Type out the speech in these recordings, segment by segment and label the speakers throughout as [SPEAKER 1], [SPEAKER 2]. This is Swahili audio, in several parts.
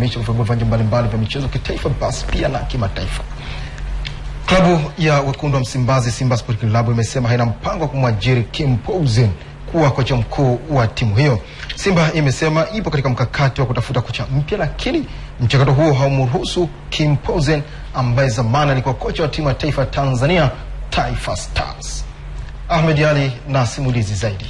[SPEAKER 1] kuadhimisha kufunguliwa viwanja mbalimbali vya michezo kitaifa basi pia na kimataifa. Klabu ya wekundu wa Msimbazi Simba Sport Club imesema haina mpango wa kumwajiri Kim Poulsen kuwa kocha mkuu wa timu hiyo. Simba imesema ipo katika mkakati wa kutafuta kocha mpya, lakini mchakato huo haumruhusu Kim Poulsen ambaye zamani alikuwa kocha wa timu ya taifa Tanzania Taifa Stars. Ahmed Ali na simulizi zaidi.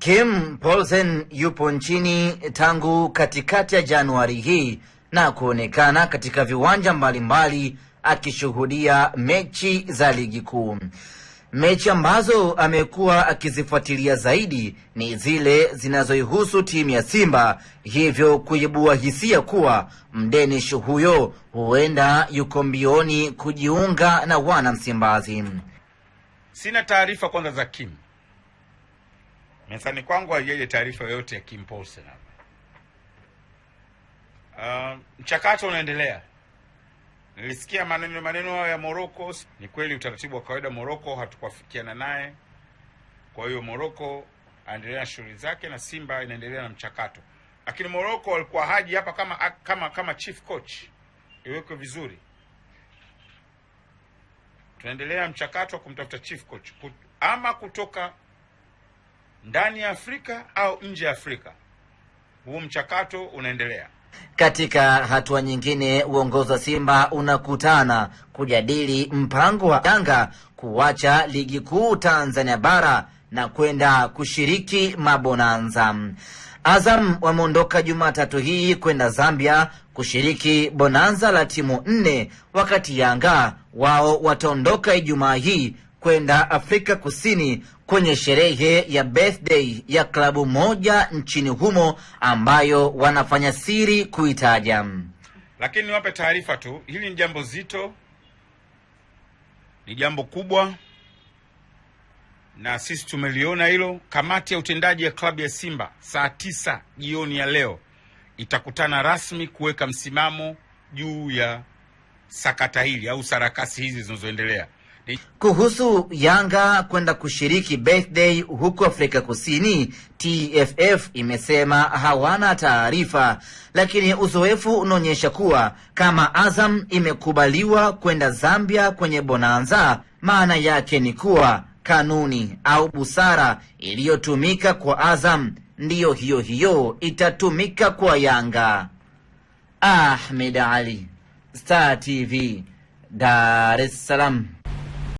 [SPEAKER 2] Kim Paulsen yupo nchini tangu katikati ya Januari hii na kuonekana katika viwanja mbalimbali akishuhudia mechi za ligi kuu. Mechi ambazo amekuwa akizifuatilia zaidi ni zile zinazoihusu timu ya Simba, hivyo kuibua hisia kuwa mdenish huyo huenda yuko mbioni kujiunga na wana Msimbazi.
[SPEAKER 3] Sina taarifa kwanza za Kim mezani kwangu haijaja taarifa yoyote ya Kim Paul Uh, mchakato unaendelea. Nilisikia maneno maneno hayo ya Morocco. Ni kweli utaratibu wa kawaida Morocco hatukuafikiana naye, kwa hiyo Morocco aendelea na shughuli zake na Simba inaendelea na mchakato, lakini Morocco alikuwa haji hapa kama kama kama chief coach, iwekwe vizuri. Tunaendelea mchakato wa kumtafuta chief coach ama kutoka ndani ya Afrika au nje ya Afrika. Huu mchakato unaendelea.
[SPEAKER 2] Katika hatua nyingine, uongozi wa Simba unakutana kujadili mpango wa Yanga kuacha ligi kuu Tanzania bara na kwenda kushiriki mabonanza. Azam wameondoka Jumatatu hii kwenda Zambia kushiriki bonanza la timu nne, wakati Yanga wao wataondoka Ijumaa hii kwenda Afrika Kusini kwenye sherehe ya birthday ya klabu moja nchini humo ambayo wanafanya siri kuitaja.
[SPEAKER 3] Lakini niwape taarifa tu, hili ni jambo zito, ni jambo kubwa, na sisi tumeliona hilo. Kamati ya utendaji ya klabu ya Simba saa tisa jioni ya leo itakutana rasmi kuweka msimamo juu ya sakata hili au sarakasi hizi zinazoendelea.
[SPEAKER 2] Kuhusu Yanga kwenda kushiriki birthday huko Afrika Kusini, TFF imesema hawana taarifa, lakini uzoefu unaonyesha kuwa kama Azam imekubaliwa kwenda Zambia kwenye bonanza, maana yake ni kuwa kanuni au busara iliyotumika kwa Azam ndiyo hiyo hiyo itatumika kwa Yanga. Ahmed Ali, Star TV, Dar es Salaam.